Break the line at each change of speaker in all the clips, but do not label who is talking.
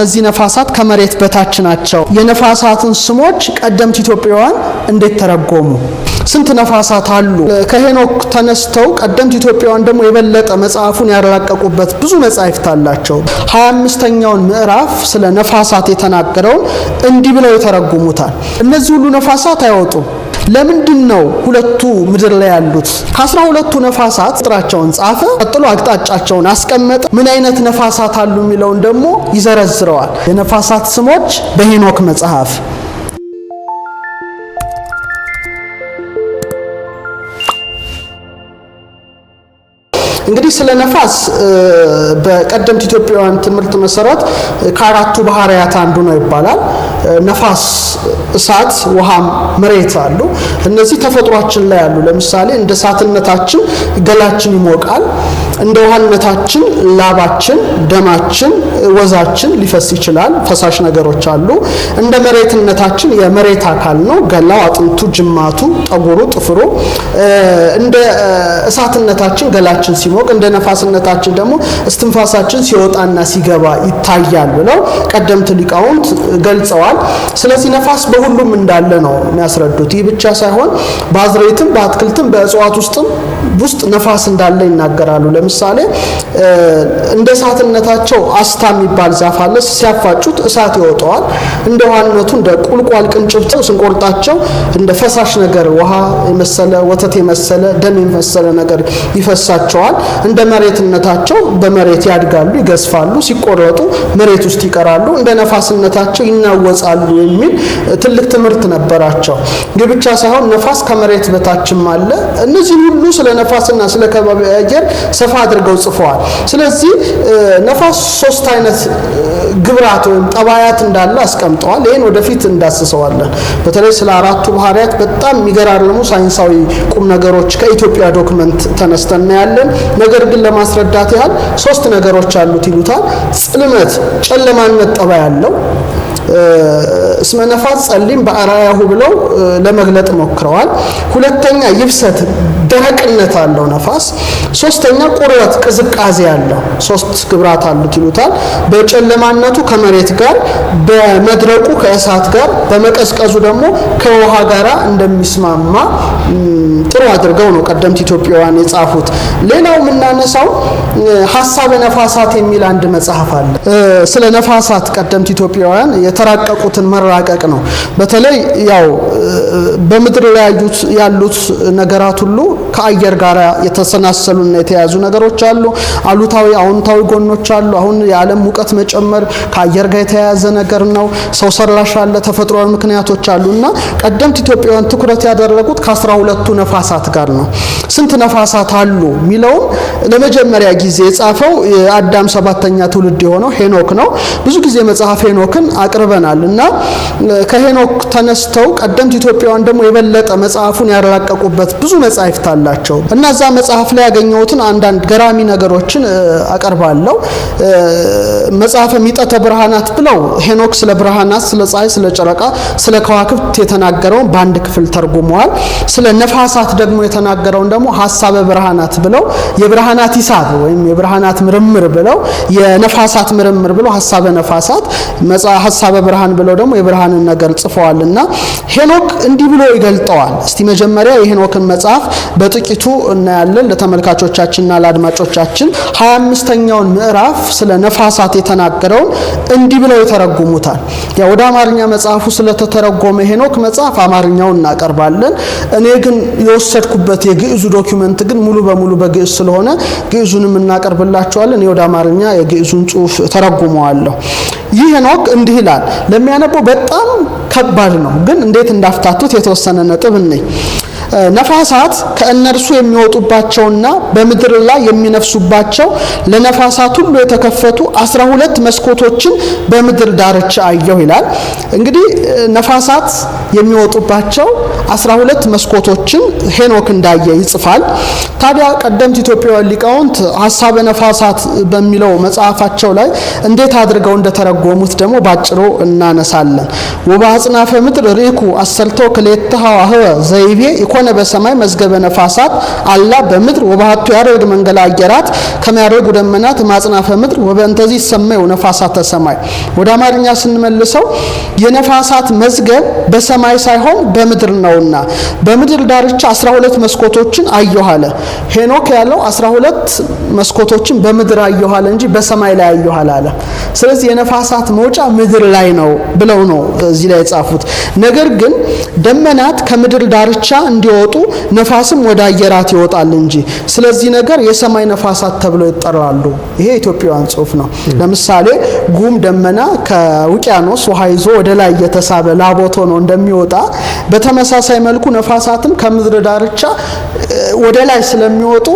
እነዚህ ነፋሳት ከመሬት በታች ናቸው። የነፋሳትን ስሞች ቀደምት ኢትዮጵያውያን እንዴት ተረጎሙ? ስንት ነፋሳት አሉ? ከሄኖክ ተነስተው ቀደምት ኢትዮጵያውያን ደግሞ የበለጠ መጽሐፉን ያላቀቁበት ብዙ መጻሕፍት አላቸው። ሀያ አምስተኛውን ምዕራፍ ስለ ነፋሳት የተናገረውን እንዲህ ብለው የተረጉሙታል። እነዚህ ሁሉ ነፋሳት አይወጡም ለምንድን ነው ሁለቱ ምድር ላይ ያሉት? ከአስራ ሁለቱ ነፋሳት ቁጥራቸውን ጻፈ። ቀጥሎ አቅጣጫቸውን አስቀመጠ። ምን አይነት ነፋሳት አሉ የሚለውን ደግሞ ይዘረዝረዋል። የነፋሳት ስሞች በሄኖክ መጽሐፍ እንግዲህ ስለ ነፋስ በቀደምት ኢትዮጵያውያን ትምህርት መሰረት ከአራቱ ባህርያት አንዱ ነው ይባላል። ነፋስ፣ እሳት፣ ውሃም መሬት አሉ። እነዚህ ተፈጥሯችን ላይ አሉ። ለምሳሌ እንደ እሳትነታችን ገላችን ይሞቃል። እንደ ውሃነታችን ላባችን፣ ደማችን፣ ወዛችን ሊፈስ ይችላል። ፈሳሽ ነገሮች አሉ። እንደ መሬትነታችን የመሬት አካል ነው። ገላው፣ አጥንቱ፣ ጅማቱ፣ ጠጉሩ፣ ጥፍሩ። እንደ እሳትነታችን ገላችን ሲሞቅ፣ እንደ ነፋስነታችን ደግሞ እስትንፋሳችን ሲወጣና ሲገባ ይታያል ብለው ቀደምት ሊቃውንት ገልጸዋል። ስለዚህ ነፋስ በሁሉም እንዳለ ነው የሚያስረዱት። ይህ ብቻ ሳይሆን በአዝሬትም፣ በአትክልትም፣ በእጽዋት ውስጥም ውስጥ ነፋስ እንዳለ ይናገራሉ። ለምሳሌ እንደ እሳትነታቸው አስታ የሚባል ዛፍ አለ። ሲያፋጩት እሳት ይወጣዋል። እንደ ውሃነቱ እንደ ቁልቋል ቅንጭብተው ስንቆርጣቸው እንደ ፈሳሽ ነገር ውሃ የመሰለ ወተት የመሰለ ደም የመሰለ ነገር ይፈሳቸዋል። እንደ መሬትነታቸው በመሬት ያድጋሉ፣ ይገዝፋሉ። ሲቆረጡ መሬት ውስጥ ይቀራሉ። እንደ ነፋስነታቸው ይናወጻሉ የሚል ትልቅ ትምህርት ነበራቸው። ይህ ብቻ ሳይሆን ነፋስ ከመሬት በታችም አለ። እነዚህ ሁሉ ስለ ነፋስና ስለ ከባቢ አየር ሰፋ አድርገው ጽፈዋል። ስለዚህ ነፋስ ሶስት አይነት ግብራት ወይም ጠባያት እንዳለ አስቀምጠዋል። ይህን ወደፊት እንዳስሰዋለን። በተለይ ስለ አራቱ ባህሪያት በጣም የሚገራርሙ ሳይንሳዊ ቁም ነገሮች ከኢትዮጵያ ዶክመንት ተነስተን እናያለን። ነገር ግን ለማስረዳት ያህል ሶስት ነገሮች አሉት ይሉታል። ጽልመት፣ ጨለማነት ጠባይ አለው። ነፋስ ጸሊም በአራያሁ ብለው ለመግለጥ ሞክረዋል። ሁለተኛ ይብሰት ደረቅነት አለው ነፋስ። ሶስተኛ ቁርበት ቅዝቃዜ አለው። ሶስት ግብራት አሉት ይሉታል። በጨለማነቱ ከመሬት ጋር፣ በመድረቁ ከእሳት ጋር፣ በመቀዝቀዙ ደግሞ ከውሃ ጋር እንደሚስማማ ጥሩ አድርገው ነው ቀደምት ኢትዮጵያውያን የጻፉት። ሌላው የምናነሳው ሀሳበ ነፋሳት የሚል አንድ መጽሐፍ አለ። ስለ ነፋሳት ቀደምት ኢትዮጵያውያን የተራቀቁትን መራቀቅ ነው። በተለይ ያው በምድር ላይ ያሉት ነገራት ሁሉ ከአየር ጋር የተሰናሰሉና የተያዙ ነገሮች አሉ። አሉታዊ፣ አዎንታዊ ጎኖች አሉ። አሁን የዓለም ሙቀት መጨመር ከአየር ጋር የተያያዘ ነገር ነው። ሰው ሰራሽ አለ፣ ተፈጥሯዊ ምክንያቶች አሉ እና ቀደምት ኢትዮጵያውያን ትኩረት ያደረጉት ከአስራ ሁለቱ ነፋሳት ጋር ነው። ስንት ነፋሳት አሉ የሚለውም ለመጀመሪያ ጊዜ የጻፈው የአዳም ሰባተኛ ትውልድ የሆነው ሄኖክ ነው። ብዙ ጊዜ መጽሐፍ ሄኖክን አቅርበናል እና ከሄኖክ ተነስተው ቀደምት ኢትዮጵያውያን ደግሞ የበለጠ መጽሐፉን ያራቀቁበት ብዙ መጽሐፍት አላቸው እና እዛ መጽሐፍ ላይ ያገኘሁትን አንዳንድ ገራሚ ነገሮችን አቀርባለሁ። መጽሐፈ ሚጠተ ብርሃናት ብለው ሄኖክ ስለ ብርሃናት፣ ስለ ፀሐይ፣ ስለ ጨረቃ፣ ስለ ከዋክብት የተናገረውን በአንድ ክፍል ተርጉመዋል። ስለ ነፋሳት ደግሞ የተናገረውን ደግሞ ሀሳበ ብርሃናት ብለው የብርሃናት ሂሳብ ወይም የብርሃናት ምርምር ብለው የነፋሳት ምርምር ብለው ሀሳበ ነፋሳት ሀሳበ ብርሃን ብለው ደግሞ የብርሃንን ነገር ጽፈዋልና ሄኖክ እንዲህ ብሎ ይገልጠዋል። እስቲ መጀመሪያ የሄኖክን መጽሐፍ በጥቂቱ እናያለን ለተመልካቾቻችንና ለአድማጮቻችን። ሀያ አምስተኛውን ምዕራፍ ስለ ነፋሳት የተናገረውን እንዲህ ብለው ይተረጉሙታል። ያ ወደ አማርኛ መጽሐፉ ስለተተረጎመ ሄኖክ መጽሐፍ አማርኛውን እናቀርባለን። እኔ ግን የወሰድኩበት የግዕዙ ዶኪመንት ግን ሙሉ በሙሉ በግዕዝ ስለሆነ ግዕዙንም እናቀርብላቸዋለን። እኔ ወደ አማርኛ የግዕዙን ጽሁፍ ተረጉመዋለሁ። ይህ ሄኖክ እንዲህ ይላል። ለሚያነበው በጣም ከባድ ነው፣ ግን እንዴት እንዳፍታቱት የተወሰነ ነጥብ እኔ ነፋሳት ከእነርሱ የሚወጡባቸውና በምድር ላይ የሚነፍሱባቸው ለነፋሳት ሁሉ የተከፈቱ አስራ ሁለት መስኮቶችን በምድር ዳርቻ አየሁ ይላል። እንግዲህ ነፋሳት የሚወጡባቸው አስራ ሁለት መስኮቶችን ሄኖክ እንዳየ ይጽፋል። ታዲያ ቀደምት ኢትዮጵያውያን ሊቃውንት ሀሳበ ነፋሳት በሚለው መጽሐፋቸው ላይ እንዴት አድርገው እንደተረጎሙት ደግሞ ባጭሩ እናነሳለን። ወበአጽናፈ ምድር ርኢኩ አሰልተው ክሌተ ሀዋህወ ዘይቤ ኮነ በሰማይ መዝገበ ነፋሳት አላ በምድር ወባህቱ ያረድ መንገላ አየራት ከሚያረጉ ደመናት ማጽናፈ ምድር ወበእንተዚ ሰማዩ ነፋሳተ ሰማይ ወደ አማርኛ ስንመልሰው የነፋሳት መዝገብ በሰማይ ሳይሆን በምድር ነውና በምድር ዳርቻ 12 መስኮቶችን አየኋለ። ሄኖክ ያለው 12 መስኮቶችን በምድር አየኋለ እንጂ በሰማይ ላይ አየኋለ አለ። ስለዚህ የነፋሳት መውጫ ምድር ላይ ነው ብለው ነው እዚህ ላይ የጻፉት። ነገር ግን ደመናት ከምድር ዳርቻ እንዲ እንዲወጡ ነፋስም ወደ አየራት ይወጣል እንጂ። ስለዚህ ነገር የሰማይ ነፋሳት ተብለው ይጠራሉ። ይሄ ኢትዮጵያውያን ጽሁፍ ነው። ለምሳሌ ጉም ደመና ከውቅያኖስ ውሃ ይዞ ወደ ላይ እየተሳበ ላቦቶ ነው እንደሚወጣ በተመሳሳይ መልኩ ነፋሳትም ከምድር ዳርቻ ወደ ላይ ስለሚወጡ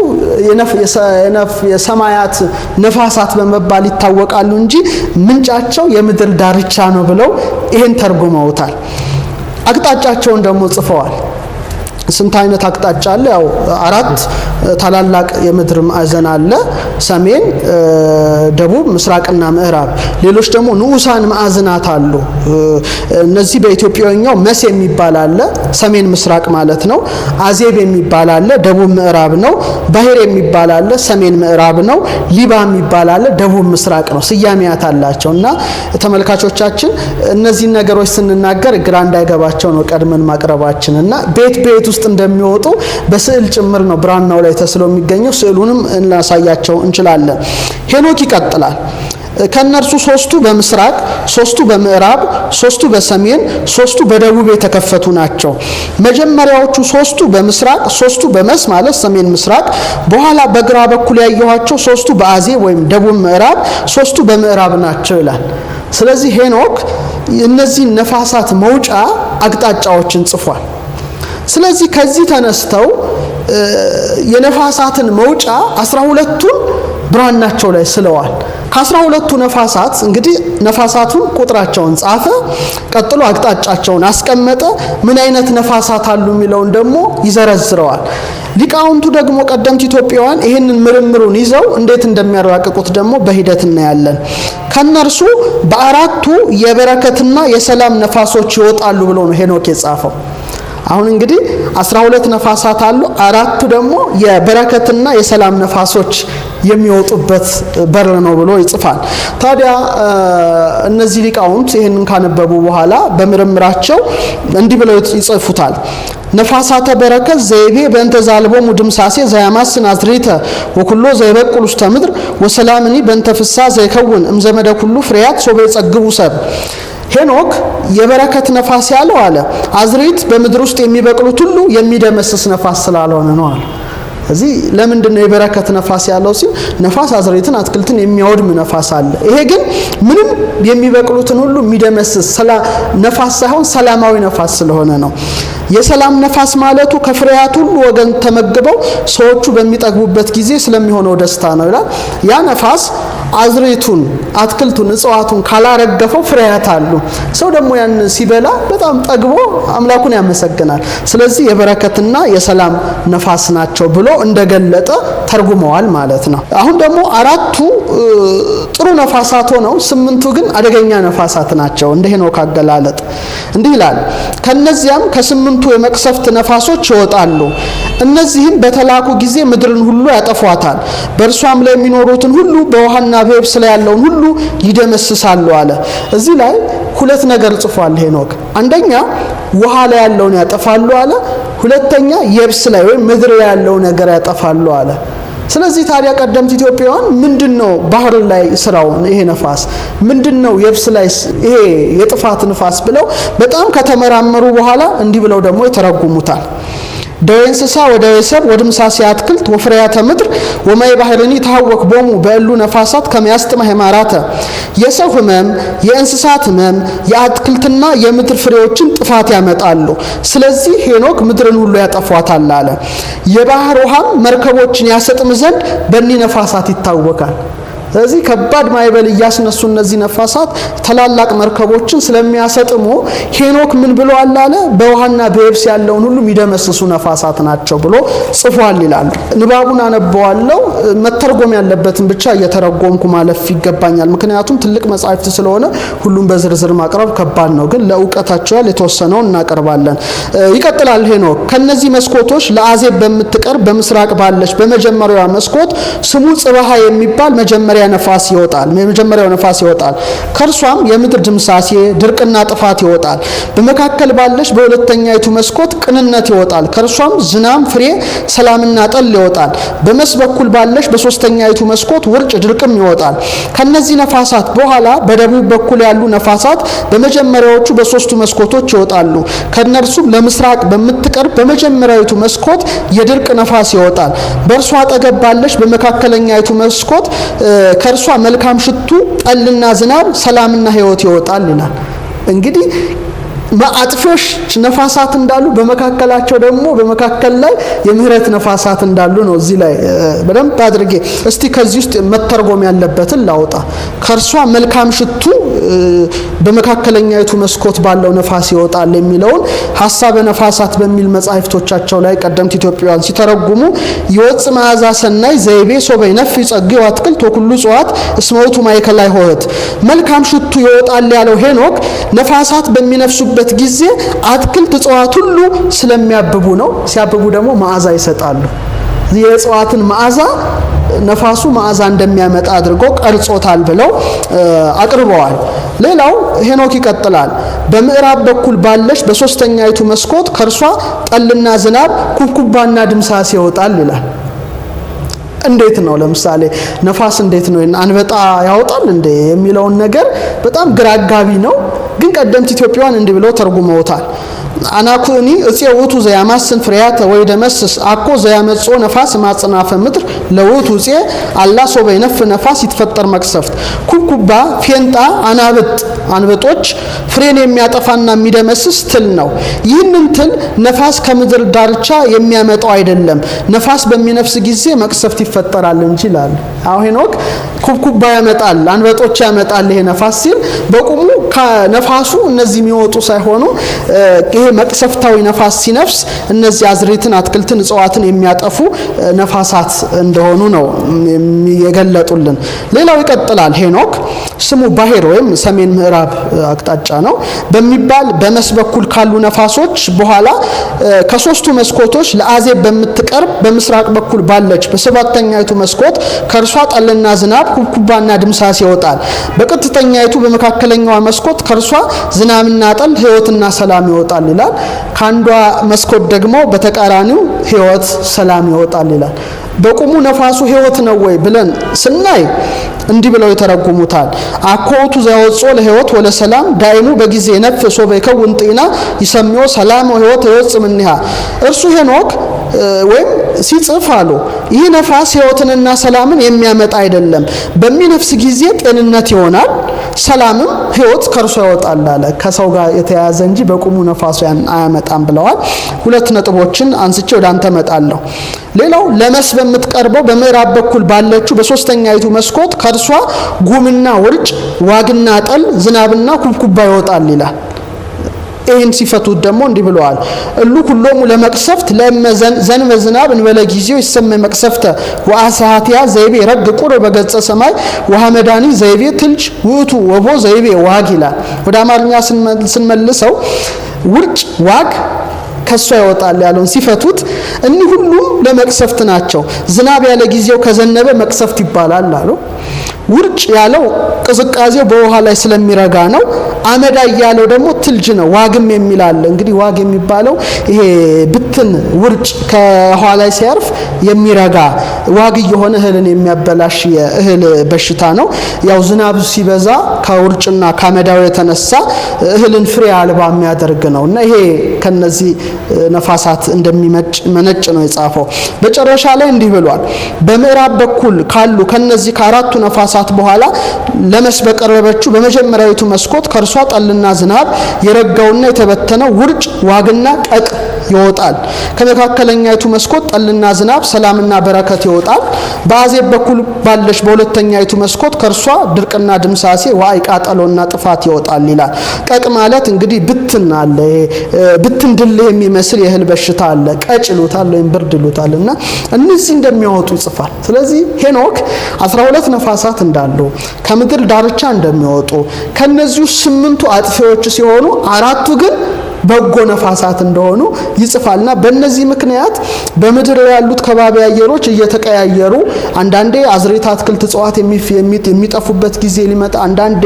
የሰማያት ነፋሳት በመባል ይታወቃሉ እንጂ ምንጫቸው የምድር ዳርቻ ነው ብለው ይህን ተርጉመውታል። አቅጣጫቸውን ደግሞ ጽፈዋል። ስንት አይነት አቅጣጫ አለ? ያው አራት ታላላቅ የምድር ማዕዘን አለ፣ ሰሜን፣ ደቡብ፣ ምስራቅና ምዕራብ። ሌሎች ደግሞ ንዑሳን ማዕዝናት አሉ። እነዚህ በኢትዮጵያኛው መስ የሚባል አለ፣ ሰሜን ምስራቅ ማለት ነው። አዜብ የሚባል አለ፣ ደቡብ ምዕራብ ነው። ባህር የሚባል አለ፣ ሰሜን ምዕራብ ነው። ሊባ የሚባል አለ፣ ደቡብ ምስራቅ ነው። ስያሜያት አላቸው እና ተመልካቾቻችን እነዚህን ነገሮች ስንናገር ግራ እንዳይገባቸው ነው ቀድመን ማቅረባችን እና ቤት ቤት ውስጥ እንደሚወጡ በስዕል ጭምር ነው ብራናው ላይ ላይ ተስሎ የሚገኘው ስዕሉንም እናሳያቸው እንችላለን። ሄኖክ ይቀጥላል። ከነርሱ ሶስቱ በምስራቅ፣ ሶስቱ በምዕራብ፣ ሶስቱ በሰሜን፣ ሶስቱ በደቡብ የተከፈቱ ናቸው። መጀመሪያዎቹ ሶስቱ በምስራቅ፣ ሶስቱ በመስ ማለት ሰሜን ምስራቅ፣ በኋላ በግራ በኩል ያየኋቸው ሶስቱ በአዜ ወይም ደቡብ ምዕራብ፣ ሶስቱ በምዕራብ ናቸው ይላል። ስለዚህ ሄኖክ እነዚህን ነፋሳት መውጫ አቅጣጫዎችን ጽፏል። ስለዚህ ከዚህ ተነስተው የነፋሳትን መውጫ አስራ ሁለቱን ብራናቸው ላይ ስለዋል። ከአስራ ሁለቱ ነፋሳት እንግዲህ ነፋሳቱን ቁጥራቸውን ጻፈ፣ ቀጥሎ አቅጣጫቸውን አስቀመጠ። ምን አይነት ነፋሳት አሉ የሚለውን ደግሞ ይዘረዝረዋል። ሊቃውንቱ ደግሞ ቀደምት ኢትዮጵያውያን ይህንን ምርምሩን ይዘው እንዴት እንደሚያራቅቁት ደግሞ በሂደት እናያለን። ከእነርሱ በአራቱ የበረከትና የሰላም ነፋሶች ይወጣሉ ብሎ ነው ሄኖክ የጻፈው። አሁን እንግዲህ አስራ ሁለት ነፋሳት አሉ። አራቱ ደግሞ የበረከትና የሰላም ነፋሶች የሚወጡበት በር ነው ብሎ ይጽፋል። ታዲያ እነዚህ ሊቃውንት ይህንን ካነበቡ በኋላ በምርምራቸው እንዲህ ብለው ይጽፉታል። ነፋሳተ በረከት ዘይቤ በእንተ ዛልቦ ሙድምሳሴ ዘያማስ ናዝሬተ ወኩሎ ዘይበቁል ውስተ ምድር ወሰላምኒ በእንተ ፍሳ ዘይከውን እምዘመደ ኩሉ ፍሬያት ሶበ የጸግቡ ሰብ ሄኖክ የበረከት ነፋስ ያለው አለ አዝሬት በምድር ውስጥ የሚበቅሉት ሁሉ የሚደመስስ ነፋስ ስላልሆነ ነው አለ። እዚህ ለምንድን ነው የበረከት ነፋስ ያለው ሲል ነፋስ አዝሬትን፣ አትክልትን የሚያወድም ነፋስ አለ። ይሄ ግን ምንም የሚበቅሉትን ሁሉ የሚደመስስ ነፋስ ሳይሆን ሰላማዊ ነፋስ ስለሆነ ነው። የሰላም ነፋስ ማለቱ ከፍሬያት ሁሉ ወገን ተመግበው ሰዎቹ በሚጠግቡበት ጊዜ ስለሚሆነው ደስታ ነው ይላል። ያ ነፋስ አዝሬቱን አትክልቱን እጽዋቱን ካላረገፈው ፍሬያት አሉ። ሰው ደግሞ ያን ሲበላ በጣም ጠግቦ አምላኩን ያመሰግናል። ስለዚህ የበረከትና የሰላም ነፋስ ናቸው ብሎ እንደገለጠ ተርጉመዋል ማለት ነው። አሁን ደግሞ አራቱ ጥሩ ነፋሳት ሆነው ስምንቱ ግን አደገኛ ነፋሳት ናቸው። እንደ ሄኖክ አገላለጥ እንዲህ ይላል፣ ከነዚያም ከስምንቱ የመቅሰፍት ነፋሶች ይወጣሉ እነዚህም በተላኩ ጊዜ ምድርን ሁሉ ያጠፏታል፣ በእርሷም ላይ የሚኖሩትን ሁሉ በውሃና በየብስ ላይ ያለውን ሁሉ ይደመስሳሉ አለ። እዚህ ላይ ሁለት ነገር ጽፏል ሄኖክ። አንደኛ ውሃ ላይ ያለውን ያጠፋሉ አለ። ሁለተኛ የብስ ላይ ወይም ምድር ላይ ያለው ነገር ያጠፋሉ አለ። ስለዚህ ታዲያ ቀደምት ኢትዮጵያውያን ምንድን ነው ባህር ላይ ስራው ይሄ ነፋስ ምንድን ነው የብስ ላይ ይሄ የጥፋት ንፋስ ብለው በጣም ከተመራመሩ በኋላ እንዲህ ብለው ደግሞ ይተረጉሙታል። ደዌ እንስሳ ወደ ወይሰብ ወድምሳሴ አትክልት ወፍሬያተ ምድር ወማይ ባህርኒ ታወክ ቦሙ በእሉ ነፋሳት ከሚያስጥመ ሄማራተ የሰው ህመም፣ የእንስሳት ህመም፣ የአትክልትና የምድር ፍሬዎችን ጥፋት ያመጣሉ። ስለዚህ ሄኖክ ምድርን ሁሉ ያጠፏታል አለ። የባህር ውሃም መርከቦችን ያሰጥም ዘንድ በእኒ ነፋሳት ይታወካል። ስለዚህ ከባድ ማይበል እያስነሱ እነዚህ ነፋሳት ታላላቅ መርከቦችን ስለሚያሰጥሙ ሄኖክ ምን ብሎ አላለ? በውሃና በየብስ ያለውን ሁሉ የሚደመስሱ ነፋሳት ናቸው ብሎ ጽፏል ይላሉ። ንባቡን አነበዋለው። መተርጎም ያለበትን ብቻ እየተረጎምኩ ማለፍ ይገባኛል። ምክንያቱም ትልቅ መጻሕፍት ስለሆነ ሁሉም በዝርዝር ማቅረብ ከባድ ነው። ግን ለእውቀታቸው ያህል የተወሰነውን እናቀርባለን። ይቀጥላል ሄኖክ ከነዚህ መስኮቶች ለአዜብ በምትቀርብ በምስራቅ ባለች በመጀመሪያዋ መስኮት ስሙ ጽበሃ የሚባል መጀመሪያ የመጀመሪያ ነፋስ ይወጣል፣ የመጀመሪያው ነፋስ ይወጣል። ከእርሷም የምድር ድምሳሴ፣ ድርቅና ጥፋት ይወጣል። በመካከል ባለች በሁለተኛይቱ መስኮት ቅንነት ይወጣል፣ ከእርሷም ዝናም፣ ፍሬ፣ ሰላምና ጠል ይወጣል። በመስ በኩል ባለች በሶስተኛይቱ መስኮት ውርጭ፣ ድርቅም ይወጣል። ከነዚህ ነፋሳት በኋላ በደቡብ በኩል ያሉ ነፋሳት በመጀመሪያዎቹ በሶስቱ መስኮቶች ይወጣሉ። ከእነርሱም ለምስራቅ በምትቀርብ በመጀመሪያዊቱ መስኮት የድርቅ ነፋስ ይወጣል። በእርሷ አጠገብ ባለች በመካከለኛይቱ መስኮት ከእርሷ መልካም ሽቱ ጠልና ዝናብ ሰላምና ሕይወት ይወጣል ይላል። እንግዲህ አጥፊዎች ነፋሳት እንዳሉ በመካከላቸው ደግሞ በመካከል ላይ የምህረት ነፋሳት እንዳሉ ነው። እዚህ ላይ በደንብ አድርጌ እስቲ ከዚህ ውስጥ መተርጎም ያለበትን ላውጣ። ከእርሷ መልካም ሽቱ በመካከለኛይቱ መስኮት ባለው ነፋስ ይወጣል የሚለውን ሀሳበ ነፋሳት በሚል መጻሕፍቶቻቸው ላይ ቀደምት ኢትዮጵያውያን ሲተረጉሙ ይወፅ መዓዛ ሰናይ ዘይቤ ሶበይ ነፍ ይጸግ አትክልት ወኩሉ እጽዋት እስመውቱ ማእከላይ ሆህት መልካም ሽቱ ይወጣል ያለው ሄኖክ ነፋሳት በሚነፍሱበት በሚያብቡበት ጊዜ አትክልት እጽዋት ሁሉ ስለሚያብቡ ነው። ሲያብቡ ደግሞ መዓዛ ይሰጣሉ። የእጽዋትን መዓዛ ነፋሱ መዓዛ እንደሚያመጣ አድርጎ ቀርጾታል ብለው አቅርበዋል። ሌላው ሄኖክ ይቀጥላል። በምዕራብ በኩል ባለች በሶስተኛይቱ መስኮት ከእርሷ ጠልና ዝናብ ኩብኩባና ድምሳስ ይወጣል ይላል። እንዴት ነው? ለምሳሌ ነፋስ እንዴት ነው አንበጣ ያወጣል እንዴ የሚለውን ነገር በጣም ግራጋቢ ነው። ቀደምት ኢትዮጵያውያን እንዲህ ብለው ተርጉመውታል። አናኩኒ እፄ ውእቱ ዘያማስን ፍሬያተ ወይ ደመስስ አኮ ዘያመጾ ነፋስ ማጽናፈ ምድር ለውእቱ እፄ አላ ሶበ ይነፍ ነፋስ ይትፈጠር መቅሰፍት ኩብኩባ ፌንጣ አናብጥ አንበጦች ፍሬን የሚያጠፋና የሚደመስስ ትል ነው። ይህንን ትል ነፋስ ከምድር ዳርቻ የሚያመጣው አይደለም። ነፋስ በሚነፍስ ጊዜ መቅሰፍት ይፈጠራል እንጂ ይላል። አሁን ሄኖክ ኩብኩባ ያመጣል፣ አንበጦች ያመጣል ይሄ ነፋስ ሲል በቁሙ ከነፋሱ እነዚህ የሚወጡ ሳይሆኑ ይሄ መቅሰፍታዊ ነፋስ ሲነፍስ እነዚህ አዝሪትን፣ አትክልትን፣ እጽዋትን የሚያጠፉ ነፋሳት እንደሆኑ ነው የገለጡልን። ሌላው ይቀጥላል። ሄኖክ ስሙ ባሄር ወይም ሰሜን ምዕራብ አቅጣጫ ነው በሚባል በመስ በኩል ካሉ ነፋሶች በኋላ ከሶስቱ መስኮቶች ለአዜብ በምትቀርብ በምስራቅ በኩል ባለች በሰባተኛይቱ መስኮት ከእርሷ ጠልና ዝናብ ኩብኩባና ድምሳስ ይወጣል። በቀጥተኛይቱ በመካከለኛዋ መስኮት ከእርሷ ዝናብና ጠል ሕይወትና ሰላም ይወጣል። ይላል። ከአንዷ መስኮት ደግሞ በተቃራኒው ህይወት፣ ሰላም ይወጣል ይላል። በቁሙ ነፋሱ ህይወት ነው ወይ ብለን ስናይ እንዲህ ብለው ይተረጉሙታል። አኮቱ ዘወጾ ለህይወት ወለ ሰላም ዳይኑ በጊዜ ነፍሶ በይከውን ጤና ይሰሚዮ ሰላም ወህይወት ህይወት ምንሃ እርሱ ሄኖክ ወይም ሲጽፍ አሉ ይህ ነፋስ ህይወትንና ሰላምን የሚያመጣ አይደለም። በሚነፍስ ጊዜ ጤንነት ይሆናል፣ ሰላምም ህይወት ከእርሷ ይወጣል አለ። ከሰው ጋር የተያያዘ እንጂ በቁሙ ነፋሱ አያመጣም ብለዋል። ሁለት ነጥቦችን አንስቼ ወደ አንተ መጣለሁ። ሌላው ለመስ በምትቀርበው በምዕራብ በኩል ባለችው በሶስተኛይቱ መስኮት ከእርሷ ጉምና ውርጭ፣ ዋግና ጠል፣ ዝናብና ኩብኩባ ይወጣል ይላል። ይህን ሲፈቱት ደግሞ እንዲህ ብለዋል። እሉ ሁሎሙ ለመቅሰፍት ዘንመ ዝናብ እንበለ ጊዜው ይሰመ መቅሰፍተ ወአሳሃትያ ዘይቤ ረግ ቁር በገጸ ሰማይ ወሐመዳኒ ዘይቤ ትልጭ ውእቱ ወቦ ዘይቤ ዋግ ይላል። ወደ አማርኛ ስንመልሰው ውርጭ ዋግ ከሷ ይወጣል ያለውን ሲፈቱት እኒህ ሁሉም ለመቅሰፍት ናቸው። ዝናብ ያለ ጊዜው ከዘነበ መቅሰፍት ይባላል አሉ። ውርጭ ያለው ቅዝቃዜው በውሃ ላይ ስለሚረጋ ነው። አመዳይ ያለው ደግሞ ትልጅ ነው። ዋግም የሚላለ እንግዲህ ዋግ የሚባለው ይሄ ብትን ውርጭ ከውሃ ላይ ሲያርፍ የሚረጋ ዋግ የሆነ እህልን የሚያበላሽ የእህል በሽታ ነው። ያው ዝናብ ሲበዛ ከውርጭና ከአመዳው የተነሳ እህልን ፍሬ አልባ የሚያደርግ ነው እና ይሄ ከነዚህ ነፋሳት እንደሚመጭ መነጭ ነው የጻፈው። መጨረሻ ላይ እንዲህ ብሏል። በምዕራብ በኩል ካሉ ከነዚህ ከአራቱ ነፋሳት በኋላ ለመስ በቀረበችው በመጀመሪያዊቱ መስኮት ከእርሷ ጠልና ዝናብ የረጋውና የተበተነው ውርጭ ዋግና ቀቅ ይወጣል። ከመካከለኛይቱ መስኮት ጠልና ዝናብ ሰላምና በረከት ይወጣል። በአዜብ በኩል ባለች በሁለተኛይቱ መስኮት ከእርሷ ድርቅና ድምሳሴ ዋይ ቃጠሎና ጥፋት ይወጣል ይላል። ቀቅ ማለት እንግዲህ ብትን አለ ብትን ድልህ የሚመስል የእህል በሽታ አለ። ቀጭ ይሉታል ወይም ብርድ ይሉታል እና እነዚህ እንደሚያወጡ ይጽፋል። ስለዚህ ሄኖክ 12 ነፋሳት እንዳሉ ከምድር ዳርቻ እንደሚወጡ ከነዚሁ ስምንቱ አጥፊዎች ሲሆኑ አራቱ ግን በጎ ነፋሳት እንደሆኑ ይጽፋልና በእነዚህ ምክንያት በምድር ያሉት ከባቢ አየሮች እየተቀያየሩ አንዳንዴ አዝሬት፣ አትክልት፣ እጽዋት የሚጠፉበት ጊዜ ሊመጣ፣ አንዳንዴ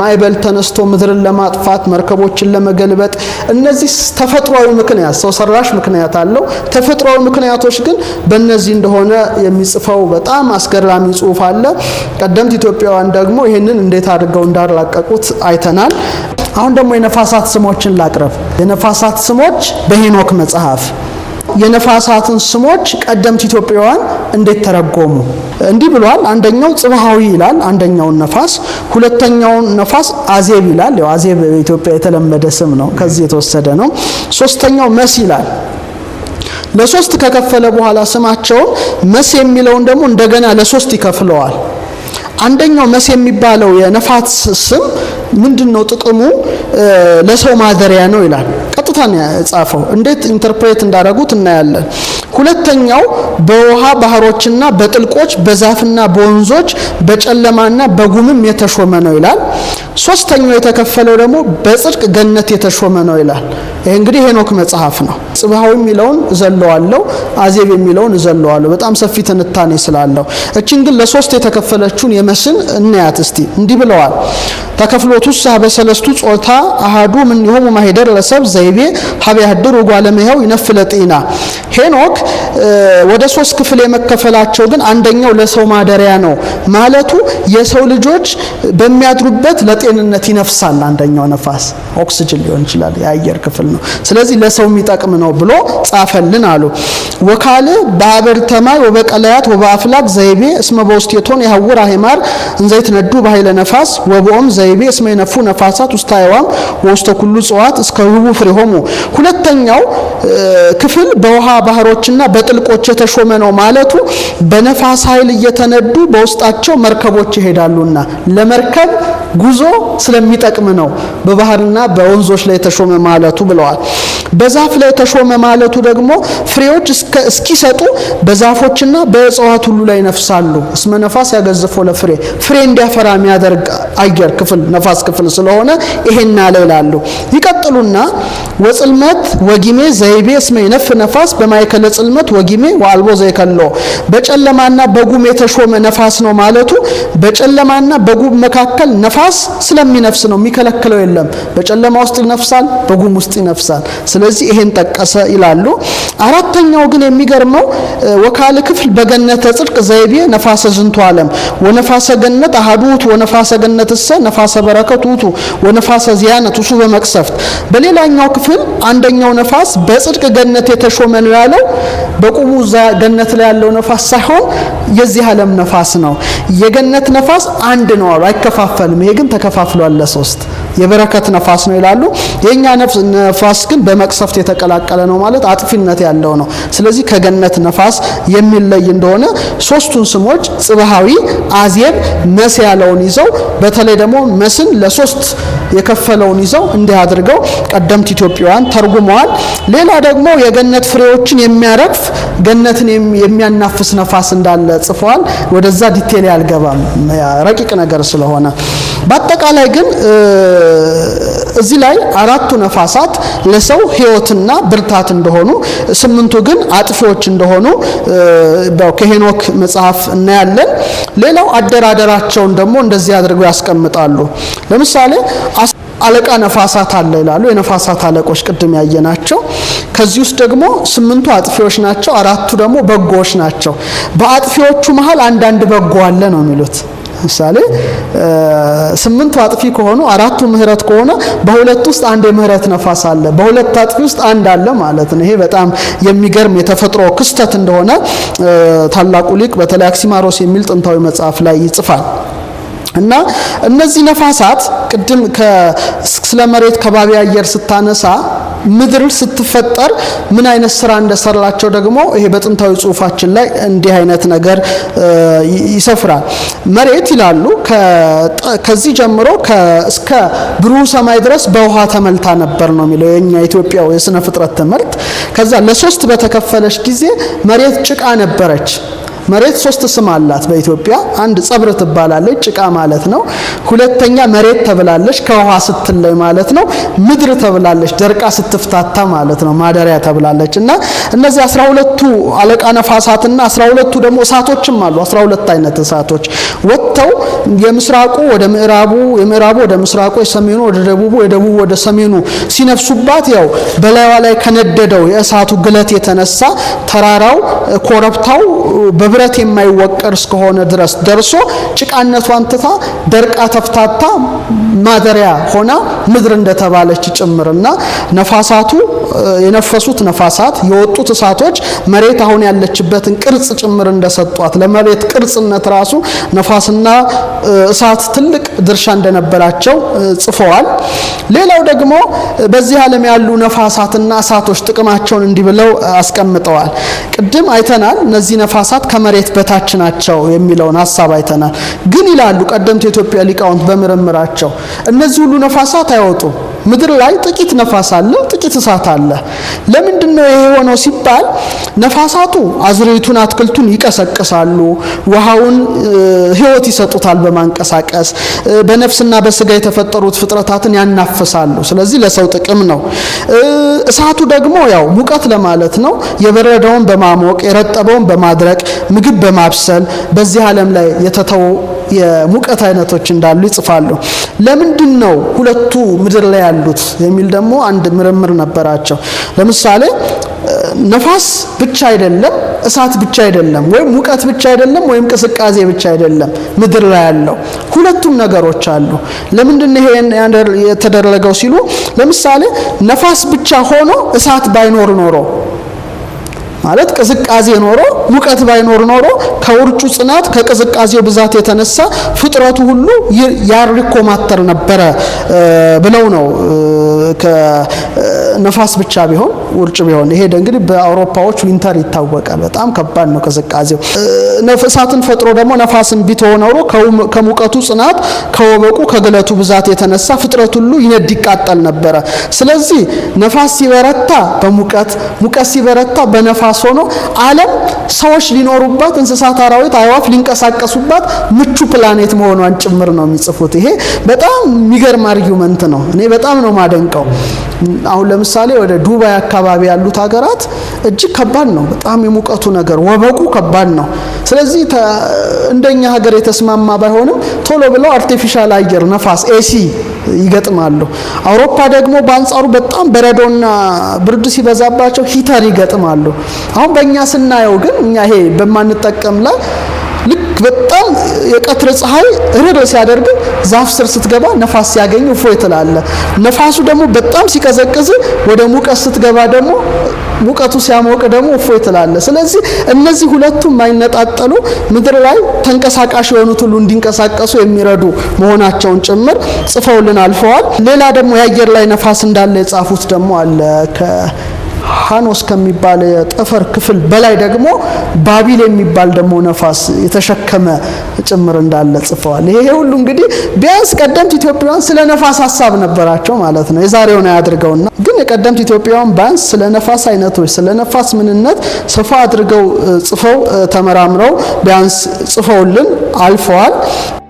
ማይበል ተነስቶ ምድርን ለማጥፋት መርከቦችን ለመገልበጥ እነዚህ ተፈጥሯዊ ምክንያት ሰው ሰራሽ ምክንያት አለው። ተፈጥሯዊ ምክንያቶች ግን በእነዚህ እንደሆነ የሚጽፈው በጣም አስገራሚ ጽሁፍ አለ። ቀደምት ኢትዮጵያውያን ደግሞ ይህንን እንዴት አድርገው እንዳራቀቁት አይተናል። አሁን ደግሞ የነፋሳት ስሞችን ስሞችን ላቅረብ። የነፋሳት ስሞች በሄኖክ መጽሐፍ የነፋሳትን ስሞች ቀደምት ኢትዮጵያውያን እንዴት ተረጎሙ? እንዲህ ብሏል። አንደኛው ጽብሃዊ ይላል አንደኛውን ነፋስ፣ ሁለተኛውን ነፋስ አዜብ ይላል። ያው አዜብ በኢትዮጵያ የተለመደ ስም ነው፣ ከዚህ የተወሰደ ነው። ሶስተኛው መስ ይላል። ለሶስት ከከፈለ በኋላ ስማቸውን መስ የሚለውን ደግሞ እንደገና ለሶስት ይከፍለዋል። አንደኛው መስ የሚባለው የነፋስ ስም ምንድን ነው ጥቅሙ? ለሰው ማደሪያ ነው ይላል። ቀጥታ ነው የጻፈው። እንዴት ኢንተርፕሬት እንዳደረጉት እናያለን። ሁለተኛው በውሃ ባህሮችና በጥልቆች በዛፍና በወንዞች በጨለማና በጉምም የተሾመ ነው ይላል። ሶስተኛው የተከፈለው ደግሞ በጽድቅ ገነት የተሾመ ነው ይላል። ይህ እንግዲህ ሄኖክ መጽሐፍ ነው። ጽብሃው የሚለውን እዘለዋለሁ፣ አዜብ የሚለውን እዘለዋለሁ። በጣም ሰፊ ትንታኔ ስላለው እችን ግን ለሶስት የተከፈለችውን የመስን እናያት እስቲ። እንዲህ ብለዋል ተከፍሎ ወቱሳ በሰለስቱ ጾታ አሃዱ ምን ይሆሙ ማሄደር ለሰብ ዘይቤ ሀብ ያህድር ጓለመያው ይነፍለ ጤና ሄኖክ ወደ ሶስት ክፍል የመከፈላቸው ግን አንደኛው ለሰው ማደሪያ ነው ማለቱ የሰው ልጆች በሚያድሩበት ለጤንነት ይነፍሳል። አንደኛው ነፋስ ኦክስጅን ሊሆን ይችላል፣ የአየር ክፍል ነው። ስለዚህ ለሰው የሚጠቅም ነው ብሎ ጻፈልን አሉ። ወካል በሀበር ተማይ ወበቀላያት ወበአፍላክ ዘይቤ እስመ በውስቴቶን ያህውር አሄማር እንዘይት ነዱ በኃይለ ነፋስ ወበኦም ዘይቤ እስመ እመይነፉ ነፋሳት ውስተ አዕዋም ወውስተ ኩሉ እጽዋት እስከ ውህቡ ፍሬሆሙ። ሁለተኛው ክፍል በውሃ ባህሮችና በጥልቆች የተሾመ ነው ማለቱ በነፋስ ኃይል እየተነዱ በውስጣቸው መርከቦች ይሄዳሉና ለመርከብ ጉዞ ስለሚጠቅም ነው በባህርና በወንዞች ላይ የተሾመ ማለቱ ብለዋል። በዛፍ ላይ የተሾመ ማለቱ ደግሞ ፍሬዎች እስኪሰጡ በዛፎችና በእጽዋት ሁሉ ላይ ይነፍሳሉ። እስመ ነፋስ ያገዝፎ ለፍሬ ፍሬ እንዲያፈራ የሚያደርግ አየር ክፍል ነፋስ ክፍል ስለሆነ ይሄና ላይ ይላሉ። ይቀጥሉና ወጽልመት ወጊሜ ዘይቤ እስመ ይነፍ ነፋስ በማይከለ ጽልመት ወጊሜ ወአልቦ ዘይከሎ በጨለማና በጉም የተሾመ ነፋስ ነው ማለቱ በጨለማና በጉም መካከል ነፋስ ስለሚነፍስ ነው። የሚከለክለው የለም። በጨለማ ውስጥ ይነፍሳል፣ በጉም ውስጥ ይነፍሳል። ስለዚህ ይሄን ጠቀሰ ይላሉ። አራተኛው ግን የሚገርመው ወካለ ክፍል በገነተ ጽድቅ ዘይቤ ነፋሰ ዝንቱ ዓለም ወነፋሰ ገነት አሃዱት ወነፋሰ ገነት እትሰ ነፋሰ በረከት ውእቱ ወነፋሰ ዚያነት ውእቱ በመቅሰፍት። በሌላኛው ክፍል አንደኛው ነፋስ በጽድቅ ገነት የተሾመ ነው ያለው በቁሙ ገነት ላይ ያለው ነፋስ ሳይሆን የዚህ ዓለም ነፋስ ነው። የገነት ነፋስ አንድ ነው አሉ፣ አይከፋፈልም። ይሄ ግን ተከፋፍሏል ለሶስት። የበረከት ነፋስ ነው ይላሉ። የኛ ነፋስ ግን በመቅሰፍት የተቀላቀለ ነው ማለት አጥፊነት ያለው ነው። ስለዚህ ከገነት ነፋስ የሚለይ እንደሆነ ሶስቱን ስሞች ጽብሃዊ፣ አዜብ፣ ነስ ያለውን ይዘው በተለይ ደግሞ መስን ለሶስት የከፈለውን ይዘው እንዲህ አድርገው ቀደምት ኢትዮጵያውያን ተርጉመዋል። ሌላ ደግሞ የገነት ፍሬዎችን የሚያረግፍ ገነትን የሚያናፍስ ነፋስ እንዳለ ጽፈዋል። ወደዛ ዲቴል ያልገባም ረቂቅ ነገር ስለሆነ በአጠቃላይ ግን እዚህ ላይ አራቱ ነፋሳት ለሰው ሕይወትና ብርታት እንደሆኑ፣ ስምንቱ ግን አጥፊዎች እንደሆኑ ከሄኖክ መጽሐፍ እናያለን። ሌላው አደራደራቸውን ደግሞ እንደዚህ አድርገው ያስቀምጣሉ። ለምሳሌ አለቃ ነፋሳት አለ ይላሉ። የነፋሳት አለቆች ቅድም ያየ ናቸው። ከዚህ ውስጥ ደግሞ ስምንቱ አጥፊዎች ናቸው፣ አራቱ ደግሞ በጎዎች ናቸው። በአጥፊዎቹ መሀል አንዳንድ በጎ አለ ነው የሚሉት። ምሳሌ ስምንቱ አጥፊ ከሆኑ አራቱ ምህረት ከሆነ በሁለት ውስጥ አንድ የምህረት ነፋስ አለ፣ በሁለት አጥፊ ውስጥ አንድ አለ ማለት ነው። ይሄ በጣም የሚገርም የተፈጥሮ ክስተት እንደሆነ ታላቁ ሊቅ በተለይ አክሲማሮስ የሚል ጥንታዊ መጽሐፍ ላይ ይጽፋል። እና እነዚህ ነፋሳት ቅድም ስለ መሬት ከባቢ አየር ስታነሳ ምድር ስትፈጠር ምን አይነት ስራ እንደሰራላቸው ደግሞ ይሄ በጥንታዊ ጽሁፋችን ላይ እንዲህ አይነት ነገር ይሰፍራል። መሬት ይላሉ ከዚህ ጀምሮ እስከ ብሩህ ሰማይ ድረስ በውሃ ተመልታ ነበር ነው የሚለው የኛ ኢትዮጵያው የስነ ፍጥረት ትምህርት። ከዛ ለሶስት በተከፈለች ጊዜ መሬት ጭቃ ነበረች። መሬት ሶስት ስም አላት በኢትዮጵያ። አንድ ጸብር ትባላለች፣ ጭቃ ማለት ነው። ሁለተኛ መሬት ተብላለች፣ ከውሃ ስትለይ ማለት ነው። ምድር ተብላለች፣ ደርቃ ስትፍታታ ማለት ነው። ማደሪያ ተብላለች። እና እነዚህ አስራ ሁለቱ አለቃ ነፋሳትና አስራ ሁለቱ ደግሞ እሳቶችም አሉ። አስራ ሁለት አይነት እሳቶች ወጥተው የምስራቁ ወደ ምዕራቡ፣ የምዕራቡ ወደ ምስራቁ፣ የሰሜኑ ወደ ደቡቡ፣ የደቡቡ ወደ ሰሜኑ ሲነፍሱባት ያው በላይዋ ላይ ከነደደው የእሳቱ ግለት የተነሳ ተራራው ኮረብታው በብር በብረት የማይወቀር እስከሆነ ድረስ ደርሶ ጭቃነቷን ትታ ደርቃ ተፍታታ ማደሪያ ሆና ምድር እንደተባለች ጭምርና ነፋሳቱ የነፈሱት ነፋሳት የወጡት እሳቶች መሬት አሁን ያለችበትን ቅርጽ ጭምር እንደሰጧት ለመሬት ቅርጽነት ራሱ ነፋስና እሳት ትልቅ ድርሻ እንደነበራቸው ጽፈዋል። ሌላው ደግሞ በዚህ ዓለም ያሉ ነፋሳትና እሳቶች ጥቅማቸውን እንዲህ ብለው አስቀምጠዋል። ቅድም አይተናል። እነዚህ ነፋሳት ከመሬት በታች ናቸው የሚለውን ሀሳብ አይተናል። ግን ይላሉ ቀደምት የኢትዮጵያ ሊቃውንት በምርምራቸው እነዚህ ሁሉ ነፋሳት አይወጡም። ምድር ላይ ጥቂት ነፋስ አለ፣ ጥቂት እሳት አለ። ለምንድን ነው ይሄ የሆነው ሲባል ነፋሳቱ አዝሬቱን፣ አትክልቱን ይቀሰቅሳሉ፣ ውሃውን ህይወት ይሰጡታል በማንቀሳቀስ በነፍስና በስጋ የተፈጠሩት ፍጥረታትን ያናፍሳሉ። ስለዚህ ለሰው ጥቅም ነው። እሳቱ ደግሞ ያው ሙቀት ለማለት ነው። የበረደውን በማሞቅ የረጠበውን በማድረቅ ምግብ በማብሰል በዚህ ዓለም ላይ የተተው የሙቀት አይነቶች እንዳሉ ይጽፋሉ። ለምንድን ነው ሁለቱ ምድር ላይ ያሉት የሚል ደግሞ አንድ ምርምር ነበራቸው። ለምሳሌ ነፋስ ብቻ አይደለም፣ እሳት ብቻ አይደለም፣ ወይም ሙቀት ብቻ አይደለም፣ ወይም ቅስቃዜ ብቻ አይደለም። ምድር ላይ ያለው ሁለቱም ነገሮች አሉ። ለምንድን ይሄ የተደረገው ሲሉ ለምሳሌ ነፋስ ብቻ ሆኖ እሳት ባይኖር ኖሮ ማለት ቅስቃዜ ኖሮ ሙቀት ባይኖር ኖሮ ከውርጩ ጽናት ከቅዝቃዜው ብዛት የተነሳ ፍጥረቱ ሁሉ ያሪኮማተር ነበረ ብለው ነው። ነፋስ ብቻ ቢሆን ውርጭ ቢሆን ይሄ እንግዲህ በአውሮፓዎች ዊንተር ይታወቃል። በጣም ከባድ ነው ቅዝቃዜው። እሳትን ፈጥሮ ደግሞ ነፋስን ቢተው ኖሮ ከሙቀቱ ጽናት ከወበቁ ከግለቱ ብዛት የተነሳ ፍጥረት ሁሉ ይነድ ይቃጠል ነበረ። ስለዚህ ነፋስ ሲበረታ በሙቀት ሙቀት ሲበረታ በነፋስ ሆኖ ዓለም ሰዎች ሊኖሩባት፣ እንስሳት፣ አራዊት፣ አዕዋፍ ሊንቀሳቀሱባት ምቹ ፕላኔት መሆኗን ጭምር ነው የሚጽፉት። ይሄ በጣም የሚገርም አርጊመንት ነው። እኔ በጣም ነው ማደንቀው። አሁን ለምሳሌ ወደ ዱባይ አካባቢ ያሉት ሀገራት እጅግ ከባድ ነው። በጣም የሙቀቱ ነገር ወበቁ ከባድ ነው። ስለዚህ እንደኛ ሀገር የተስማማ ባይሆንም ቶሎ ብለው አርቲፊሻል አየር ነፋስ ኤሲ ይገጥማሉ። አውሮፓ ደግሞ በአንጻሩ በጣም በረዶና ብርድ ሲበዛባቸው ሂተር ይገጥማሉ። አሁን በእኛ ስናየው ግን እኛ ይሄ በማንጠቀም ላይ በጣም የቀትር ፀሐይ ርር ሲያደርግ ዛፍ ስር ስትገባ ነፋስ ሲያገኝ እፎይ ትላለ ነፋሱ ደግሞ በጣም ሲቀዘቅዝ ወደ ሙቀት ስትገባ ደግሞ ሙቀቱ ሲያሞቅ ደግሞ እፎይ ትላለ ስለዚህ እነዚህ ሁለቱ የማይነጣጠሉ ምድር ላይ ተንቀሳቃሽ የሆኑት ሁሉ እንዲንቀሳቀሱ የሚረዱ መሆናቸውን ጭምር ጽፈውልን አልፈዋል። ሌላ ደግሞ የአየር ላይ ነፋስ እንዳለ የጻፉት ደግሞ አለ ሃኖስ ከሚባል የጠፈር ክፍል በላይ ደግሞ ባቢል የሚባል ደግሞ ነፋስ የተሸከመ ጭምር እንዳለ ጽፈዋል። ይሄ ሁሉ እንግዲህ ቢያንስ ቀደምት ኢትዮጵያውያን ስለ ነፋስ ሀሳብ ነበራቸው ማለት ነው። የዛሬውን አያድርገውና ግን የቀደምት ኢትዮጵያውያን ቢያንስ ስለ ነፋስ አይነቶች፣ ስለ ነፋስ ምንነት ሰፋ አድርገው ጽፈው ተመራምረው ቢያንስ ጽፈውልን አልፈዋል።